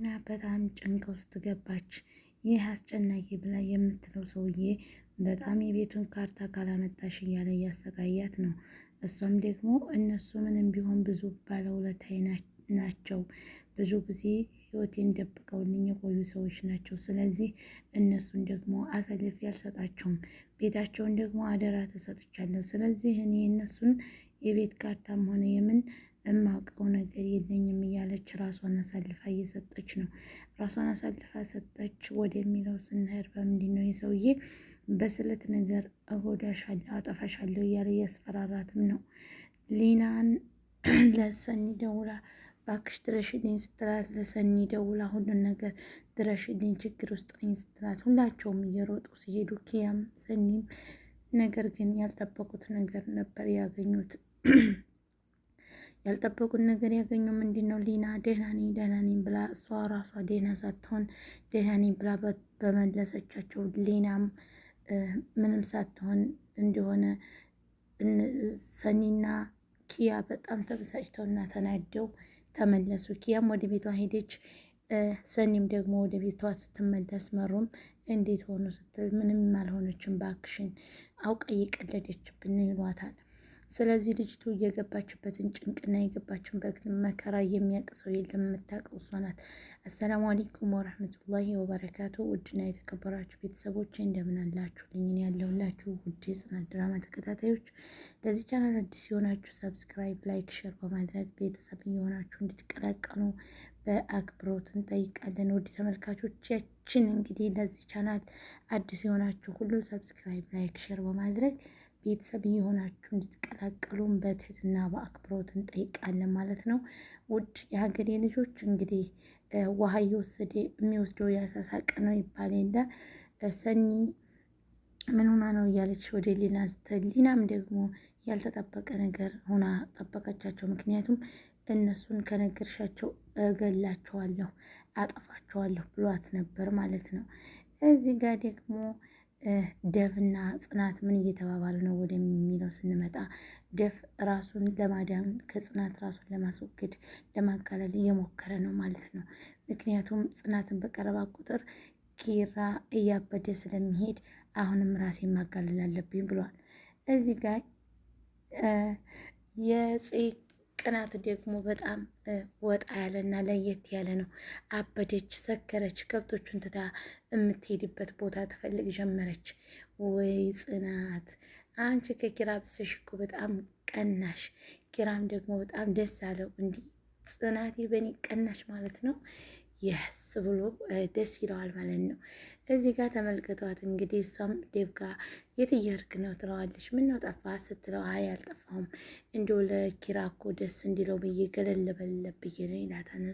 እና በጣም ጭንቅ ውስጥ ገባች። ይህ አስጨናቂ ብላ የምትለው ሰውዬ በጣም የቤቱን ካርታ ካላመጣሽ እያለ እያሰቃያት ነው። እሷም ደግሞ እነሱ ምንም ቢሆን ብዙ ባለውለታዬ ናቸው፣ ብዙ ጊዜ ሕይወቴን ደብቀውልኝ የቆዩ ሰዎች ናቸው። ስለዚህ እነሱን ደግሞ አሳልፌ አልሰጣቸውም። ቤታቸውን ደግሞ አደራ ተሰጥቻለሁ። ስለዚህ እኔ እነሱን የቤት ካርታም ሆነ የምን እማውቀው ነገር የለኝም እያለች ራሷን አሳልፋ እየሰጠች ነው። ራሷን አሳልፋ ሰጠች ወደሚለው ስንሄድ በምንድን ነው የሰውዬ በስለት ነገር እጎዳሻለሁ፣ አጠፋሻለሁ እያለ እያስፈራራትም ነው። ሊናን ለሰኒ ደውላ ባክሽ ድረሽልኝ ስትላት፣ ለሰኒ ደውላ ሁሉን ነገር ድረሽልኝ ችግር ውስጥ ነኝ ስትላት፣ ሁላቸውም እየሮጡ ሲሄዱ ኪያም ሰኒም ነገር ግን ያልጠበቁት ነገር ነበር ያገኙት። ያልጠበቁት ነገር ያገኘው ምንድን ነው? ሊና ደህና ነኝ ደህና ነኝ ብላ እሷ ራሷ ደህና ሳትሆን ደህና ነኝ ብላ በመለሰቻቸው ሊናም ምንም ሳትሆን እንደሆነ ሰኒና ኪያ በጣም ተበሳጭተውና ተናደው ተመለሱ። ኪያም ወደ ቤቷ ሄደች። ሰኒም ደግሞ ወደ ቤቷ ስትመለስ መሩም እንዴት ሆኖ ስትል ምንም አልሆነችም፣ ባክሽን አውቀ እየቀለደችብን ይሏታል። ስለዚህ ልጅቱ እየገባችበትን ጭንቅና የገባችበትን መከራ የሚያውቅ ሰው የለም። የምታውቀው እሷ ናት። አሰላሙ አሌይኩም ወረህመቱላሂ ወበረካቱ። ውድና የተከበራችሁ ቤተሰቦች እንደምን አላችሁ? ልኝን ያለሁላችሁ ውድ የጽናት ድራማ ተከታታዮች፣ ለዚህ ቻናል አዲስ የሆናችሁ ሰብስክራይብ፣ ላይክ፣ ሸር በማድረግ ቤተሰብ የሆናችሁ እንድትቀላቀሉ በአክብሮት እንጠይቃለን። ውድ ተመልካቾቻችን እንግዲህ ለዚህ ቻናል አዲስ የሆናችሁ ሁሉ ሰብስክራይብ፣ ላይክ፣ ሸር በማድረግ ቤተሰብ የሆናችሁ እንድትቀላቀሉን በትህትና በአክብሮት እንጠይቃለን ማለት ነው። ውድ የሀገሬ ልጆች እንግዲህ ውሃ እየወሰደ የሚወስደው ያሳሳቅ ነው ይባል የለ ሰኒ ምን ሆና ነው እያለች ወደ ሊና ስትል ሊናም ደግሞ ያልተጠበቀ ነገር ሆና ጠበቀቻቸው። ምክንያቱም እነሱን ከነገርሻቸው እገላቸዋለሁ፣ አጠፋቸዋለሁ ብሏት ነበር ማለት ነው። እዚህ ጋር ደግሞ ደፍና ጽናት ምን እየተባባሉ ነው ወደሚለው ስንመጣ ደፍ ራሱን ለማዳን ከጽናት ራሱን ለማስወገድ ለማቃለል እየሞከረ ነው ማለት ነው። ምክንያቱም ጽናትን በቀረባ ቁጥር ኪራ እያበደ ስለሚሄድ አሁንም ራሴ ማጋለል አለብኝ ብሏል። እዚህ ጋር የጽ ቅናት ደግሞ በጣም ወጣ ያለና ለየት ያለ ነው። አበደች፣ ሰከረች፣ ከብቶቹን ትታ የምትሄድበት ቦታ ትፈልግ ጀመረች። ወይ ጽናት አንቺ ከኪራ ብስሽ እኮ በጣም ቀናሽ። ኪራም ደግሞ በጣም ደስ አለው። እንዲህ ጽናቴ በእኔ ቀናሽ ማለት ነው የስ ብሎ ደስ ይለዋል ማለት ነው። እዚህ ጋር ተመልክቷት እንግዲህ እሷም ዴቭ ጋር የት እየሄድክ ነው ትለዋለች። ምነው ጠፋህ ስትለው አይ አልጠፋሁም እንዲሁ ለኪራ እኮ ደስ እንዲለው ብዬ ገለል በለል ብዬ ነው ይላታል።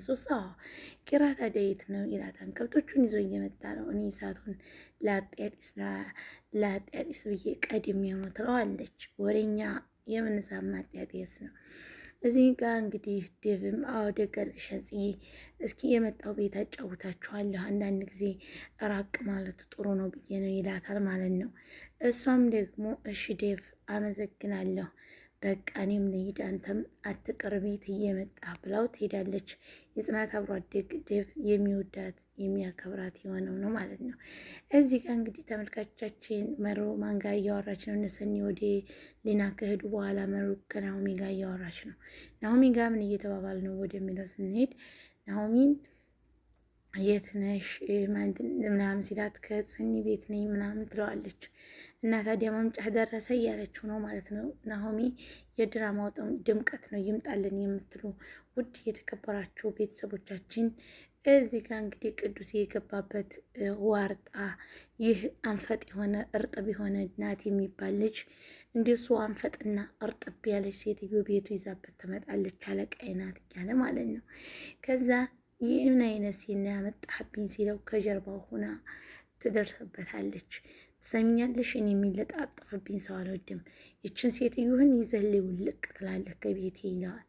ኪራ ታዲያ የት ነው ይላታል። ከብቶቹን ይዞ እየመጣ ነው እኔ እሳቱን ላጤያጢስ ብዬ ቀድሜ ነው ትለዋለች። ወሬኛ የምንሳማ ጤያጤስ ነው እዚህ ጋ እንግዲህ ድብም አዎ ገርግሸ ጽዬ እስኪ የመጣው ቤት አጫውታችኋለሁ አንዳንድ ጊዜ ራቅ ማለቱ ጥሩ ነው ብዬ ነው ይላታል ማለት ነው። እሷም ደግሞ እሺ ዴቭ አመዘግናለሁ። በቃ እኔም ልሂድ አንተም አትቅርቢ እየመጣ ብላው ትሄዳለች። የጽናት አብሮ አደግ ዴቭ የሚወዳት የሚያከብራት የሆነው ነው ማለት ነው። እዚህ ጋር እንግዲህ ተመልካቾቻችን መሮ ማንጋ እያወራች ነው። እነሰኒ ወደ ሊና ከሄዱ በኋላ መሮ ከናሆሚ ጋር እያወራች ነው። ናሆሚ ጋር ምን እየተባባል ነው ወደሚለው ስንሄድ ናሆሚን የት ነሽ ምናምን ሲላት ከጽኒ ቤት ነኝ ምናምን ትለዋለች። እና ታዲያ መምጫህ ደረሰ እያለችው ነው ማለት ነው። ናሆሚ የድራማው ድምቀት ነው ይምጣልን የምትሉ ውድ የተከበራችሁ ቤተሰቦቻችን እዚህ ጋር እንግዲህ ቅዱስ የገባበት ዋርጣ ይህ አንፈጥ የሆነ እርጥብ የሆነ ናት የሚባል ልጅ እንዲሱ አንፈጥና እርጥብ ያለች ሴትዮ ቤቱ ይዛበት ትመጣለች። አለቃዬ ናት እያለ ማለት ነው ከዛ ይህን አይነት ሲና ያመጣህብኝ ሲለው ከጀርባው ሆና ትደርስበታለች። ትሰሚኛለሽ? እኔ የሚለጣጠፍብኝ ሰው አልወድም። ይችን ሴትዮህን ይዘህ ልቅ ትላለህ ከቤት ይለዋል።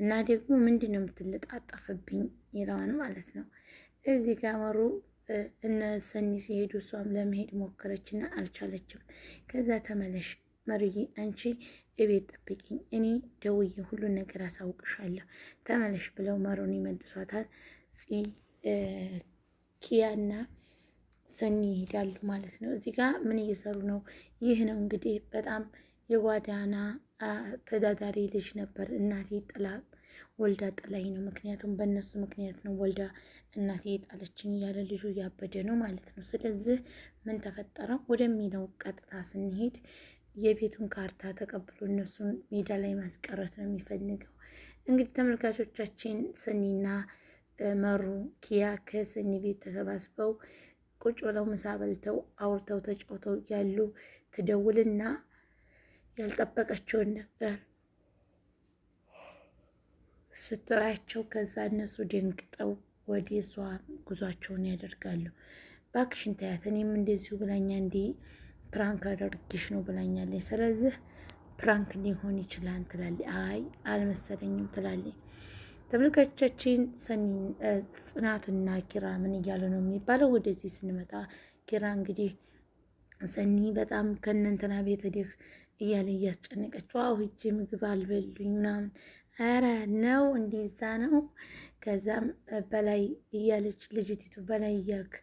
እና ደግሞ ምንድን ነው የምትለጣጠፍብኝ ይለዋል ማለት ነው። እዚህ ጋር መሩ እነ ሰኒ ሲሄዱ እሷም ለመሄድ ሞከረችና አልቻለችም። ከዛ ተመለሽ መሩዬ አንቺ እቤት ጠብቂኝ፣ እኔ ደውዬ ሁሉን ነገር አሳውቅሻለሁ ተመለሽ ብለው መሩን ይመልሷታል። ፂ ኪያና ሰኒ ይሄዳሉ ማለት ነው። እዚህ ጋር ምን እየሰሩ ነው? ይህ ነው እንግዲህ በጣም የጓዳና ተዳዳሪ ልጅ ነበር። እናቴ ጥላ ወልዳ ጥላይ ነው፣ ምክንያቱም በእነሱ ምክንያት ነው ወልዳ እናቴ ጣለችን እያለ ልጁ እያበደ ነው ማለት ነው። ስለዚህ ምን ተፈጠረው ወደሚለው ቀጥታ ስንሄድ የቤቱን ካርታ ተቀብሎ እነሱን ሜዳ ላይ ማስቀረት ነው የሚፈልገው። እንግዲህ ተመልካቾቻችን ሰኒና መሩ ኪያ ከሰኒ ቤት ተሰባስበው ቁጭ ብለው ምሳ በልተው አውርተው ተጫውተው ያሉ ትደውልና ያልጠበቀችውን ነገር ስትራያቸው ከዛ እነሱ ደንግጠው ወደ እሷ ጉዟቸውን ያደርጋሉ። ባክሽን ታያት እኔም እንደዚሁ ብላኛ እንዲህ ፕራንክ አደርግሽ ነው ብላኛለች። ስለዚህ ፕራንክ ሊሆን ይችላል ትላለች። አይ አልመሰለኝም ትላለች። ተመልካቾቻችን ጽናትና ኪራ ምን እያለ ነው የሚባለው? ወደዚህ ስንመጣ ኪራ እንግዲህ ሰኒ በጣም ከእነንትና ቤት ሄደህ እያለ እያስጨነቀችው አሁ ሂጅ ምግብ አልበሉኝ ምናምን ኧረ ነው ይዛ ነው ከዛም በላይ እያለች ልጅቲቱ በላይ እያልክ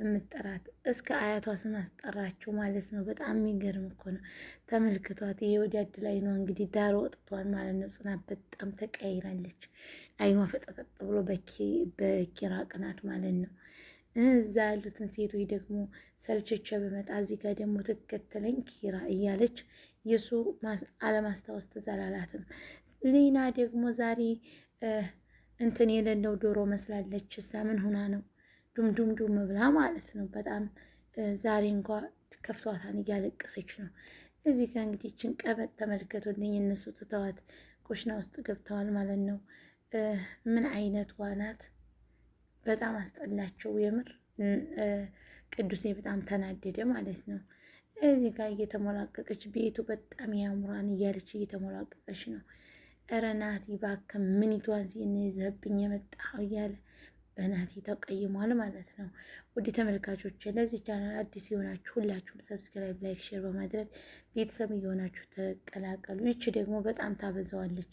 የምጠራት እስከ አያቷ ስም አስጠራችው ማለት ነው። በጣም የሚገርም እኮ ነው። ተመልክቷት ይሄ ወዲ አድ ላይ ነው እንግዲህ ዳር ወጥቷል ማለት ነው። ጽናት በጣም ተቀይራለች። አይኗ ፈጠጠጥ ብሎ በኪራ ቅናት ማለት ነው። እዛ ያሉትን ሴቶች ደግሞ ሰልቸቸ በመጣ እዚህ ጋር ደግሞ ትከተለኝ ኪራ እያለች የእሱ አለማስታወስ ትዘላላትም። ሊና ደግሞ ዛሬ እንትን የሌለው ዶሮ መስላለች። እዛ ምን ሆና ነው ዱምዱም ዱም ብላ ማለት ነው። በጣም ዛሬ እንኳ ከፍቷታን እያለቀሰች ነው። እዚህ ጋር እንግዲህ ይችን ቀበጥ ተመልከቱልኝ። እነሱ ትተዋት ኩሽና ውስጥ ገብተዋል ማለት ነው። ምን አይነት ዋናት! በጣም አስጠላቸው የምር። ቅዱሴ በጣም ተናደደ ማለት ነው። እዚህ ጋር እየተሞላቀቀች ቤቱ በጣም ያምራን እያለች እየተሞላቀቀች ነው። እረ ናቲ እባክህ ምን ይቷን ሲንይዘብኝ የመጣው እያለ በናቲ ተቀይሟል ማለት ነው። ውድ ተመልካቾች ለዚህ ቻናል አዲስ የሆናችሁ ሁላችሁም ሰብስክራይብ፣ ላይክ፣ ሼር በማድረግ ቤተሰብ እየሆናችሁ ተቀላቀሉ። ይቺ ደግሞ በጣም ታበዛዋለች።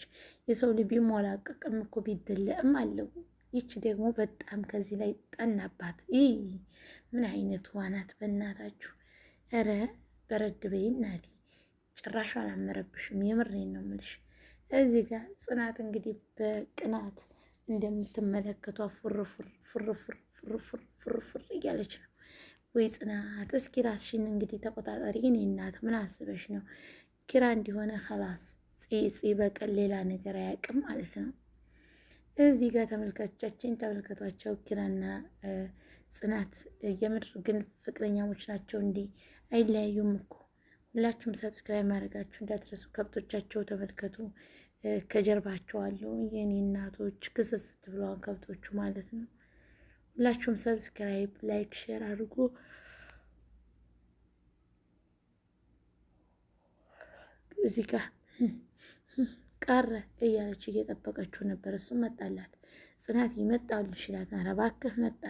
የሰው ልጅ ቢሞላቀቅም እኮ ቢደለዕም አለው። ይቺ ደግሞ በጣም ከዚህ ላይ ጠናባት። ይህ ምን አይነት ዋናት በእናታችሁ! እረ በረድ በይ ናቲ፣ ጭራሽ አላመረብሽም። የምሬን ነው ምልሽ እዚህ ጋር ጽናት እንግዲህ በቅናት እንደምትመለከቷ ፍርፍር ፍርፍር ፍርፍር ፍርፍር እያለች ነው። ወይ ጽናት፣ እስኪ ራስሽን እንግዲህ ተቆጣጠሪ። እኔ እናት ምን አስበሽ ነው? ኪራ እንዲሆነ ከላስ ጽጽ በቀል ሌላ ነገር አያውቅም ማለት ነው። እዚህ ጋር ተመልካቾቻችን ተመልከቷቸው። ኪራና ጽናት የምድር ግን ፍቅረኛሞች ናቸው እንዴ? አይለያዩም እኮ ሁላችሁም ሰብስክራይብ ማድረጋችሁ እንዳትረሱ። ከብቶቻቸው ተመልከቱ፣ ከጀርባቸው አሉ የኔ እናቶች ክስስት ብለዋን ከብቶቹ ማለት ነው። ሁላችሁም ሰብስክራይብ፣ ላይክ፣ ሼር አድርጎ እዚህ ጋር ቀረ እያለች እየጠበቀችው ነበር። እሱም መጣላት ጽናት ይመጣሉ ይችላል። ኧረ እባክህ መጣ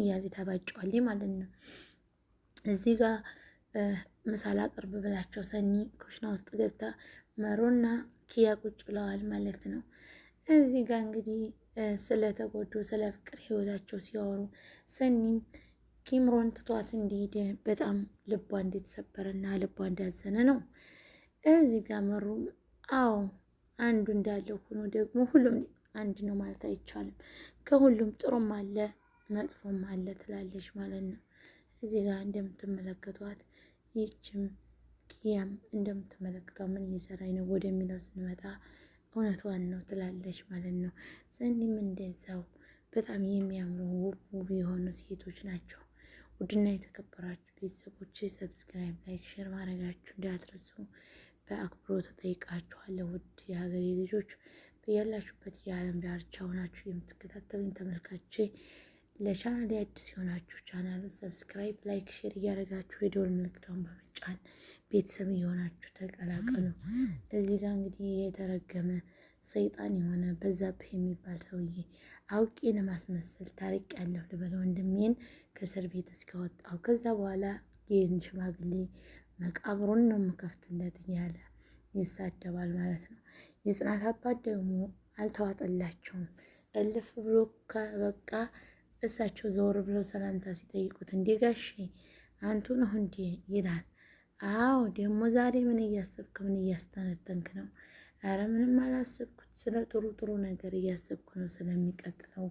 እያለ ታባጨዋል ማለት ነው እዚህ ጋር ምሳላ ቅርብ ብላቸው ሰኒ ኩሽና ውስጥ ገብታ መሮና ኪያ ቁጭ ብለዋል ማለት ነው። እዚህ ጋር እንግዲህ ስለተጎዱ ስለ ፍቅር ህይወታቸው ሲያወሩ ሰኒም ኪምሮን ትቷት እንዲሄድ በጣም ልቧ እንደተሰበረና ልቧ እንዳዘነ ነው። እዚህ ጋር መሩም አዎ አንዱ እንዳለው ሆኖ ደግሞ ሁሉም አንድ ነው ማለት አይቻልም። ከሁሉም ጥሩም አለ መጥፎም አለ ትላለች ማለት ነው። እዚህ ጋር እንደምትመለከቷት ይችም ኪያም እንደምትመለከተው ምን እየሰራኝ ነው ወደሚለው ስንመጣ እውነቷን ነው ትላለች ማለት ነው። ሰኒም እንደዛው በጣም የሚያምሩ ውብ ውብ የሆኑ ሴቶች ናቸው። ውድና የተከበራችሁ ቤተሰቦች ሰብስክራይብ፣ ላይክ፣ ሼር ማድረጋችሁ እንዳትረሱ በአክብሮት ተጠይቃችኋለሁ። ውድ የሀገሬ ልጆች በያላችሁበት የዓለም ዳርቻ ሆናችሁ የምትከታተሉኝ ተመልካቼ ለቻናል አዲስ የሆናችሁ ቻናል ሰብስክራይብ፣ ላይክ፣ ሼር እያደረጋችሁ የደወል ምልክቷን በመጫን ቤተሰብ የሆናችሁ ተቀላቀሉ። እዚህ ጋር እንግዲህ የተረገመ ሰይጣን የሆነ በዛብህ የሚባል ሰውዬ አውቄ ለማስመሰል ታሪቅ ያለሁ ልበለ ወንድሜን ከእስር ቤት እስካወጣው ከዛ በኋላ ይህን ሽማግሌ መቃብሩን ነው የምከፍትለት እያለ ይሳደባል ማለት ነው። የጽናት አባት ደግሞ አልተዋጠላቸውም። እልፍ ብሎ ከበቃ እሳቸው ዘወር ብለው ሰላምታ ሲጠይቁት እንዴ ጋሼ አንቱ ነው እንዴ ይላል። አዎ ደግሞ ዛሬ ምን እያሰብክ ምን እያስተነተንክ ነው? አረ ምንም አላሰብኩት፣ ስለ ጥሩ ጥሩ ነገር እያሰብኩ ነው፣ ስለሚቀጥለው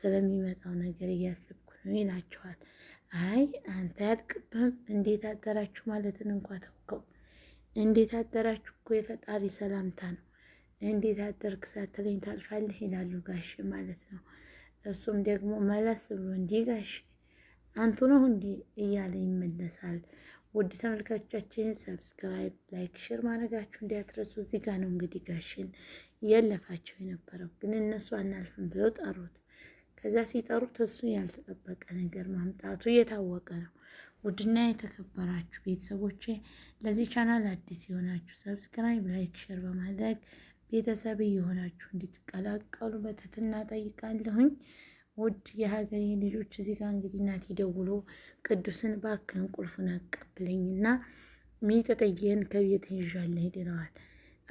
ስለሚመጣው ነገር እያሰብኩ ነው ይላቸዋል። አይ አንተ ያልቅብህም እንዴት አደራችሁ ማለትን እንኳ ተውከው። እንዴት አደራችሁ እኮ የፈጣሪ ሰላምታ ነው። እንዴት አደርክ ሳትለኝ ታልፋለህ ይላሉ ጋሽ ማለት ነው። እሱም ደግሞ መለስ ብሎ እንዲጋሽ አንቱ ነው እንዲ እያለ ይመለሳል። ውድ ተመልካቾቻችን ሰብስክራይብ፣ ላይክ፣ ሽር ማድረጋችሁ እንዲያትረሱ። እዚህ ጋ ነው እንግዲህ ጋሽን እያለፋቸው የነበረው ግን እነሱ አናልፍም ብለው ጠሩት። ከዚያ ሲጠሩት እሱ ያልተጠበቀ ነገር ማምጣቱ እየታወቀ ነው። ውድና የተከበራችሁ ቤተሰቦቼ ለዚህ ቻናል አዲስ የሆናችሁ ሰብስክራይብ፣ ላይክ፣ ሼር በማድረግ ቤተሰብ እየሆናችሁ እንድትቀላቀሉ በትህትና ጠይቃለሁኝ። ውድ የሀገሬ ልጆች እዚህ ጋር እንግዲህ እናቴ ደውሎ ቅዱስን ባክን ቁልፉን አቀብለኝና ሚጠጠየን ከቤት ይዣለ ይለዋል።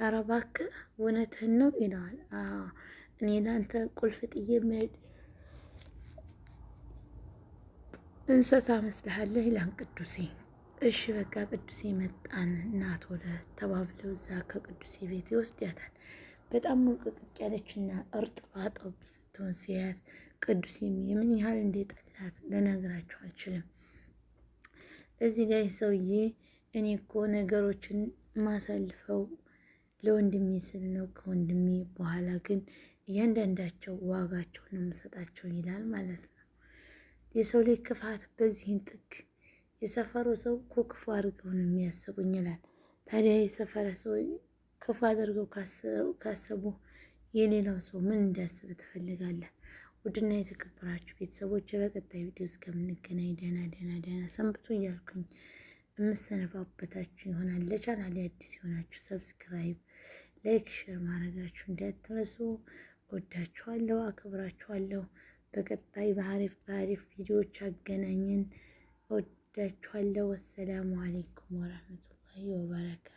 ኧረ እባክህ እውነትህን ነው ይለዋል። እኔ ለአንተ ቁልፍ ጥዬ መሄድ እንስሳ መስልሃለሁ ይላን ቅዱሴ እሺ በቃ ቅዱሴ መጣን እናት ወደ ተባብለው እዛ ከቅዱሴ ቤት ይወስዳታል። በጣም ሙልቅቅቅ ያለችና እርጥባ ጠብ ስትሆን ሲያያት ቅዱሴም የምን ያህል እንደጠላት ልነግራችሁ አልችልም። እዚህ ጋር ሰውዬ እኔ እኮ ነገሮችን ማሳልፈው ለወንድሜ ስል ነው። ከወንድሜ በኋላ ግን እያንዳንዳቸው ዋጋቸውን ነው የምሰጣቸው ይላል ማለት ነው። የሰው ልጅ ክፋት በዚህን ጥግ የሰፈሩ ሰው እኮ ክፉ አድርገው ነው የሚያስቡኝ ይላል። ታዲያ የሰፈረ ሰው ክፉ አድርገው ካሰቡ የሌላው ሰው ምን እንዲያስብ ትፈልጋለህ? ውድና የተከበራችሁ ቤተሰቦች በቀጣይ ቪዲዮ እስከምንገናኝ ደህና ደህና ደህና ሰንብቱ እያልኩኝ የምሰነባበታችሁ ይሆናል። ለቻናል አዲስ የሆናችሁ ሰብስክራይብ፣ ላይክ፣ ሼር ማድረጋችሁ እንዳትረሱ። ወዳችኋለሁ፣ አክብራችኋለሁ። በቀጣይ በአሪፍ በአሪፍ ቪዲዮዎች አገናኘን። እወዳችኋለሁ። ወሰላሙ አሌይኩም ወረህመቱላሂ ወበረካቱ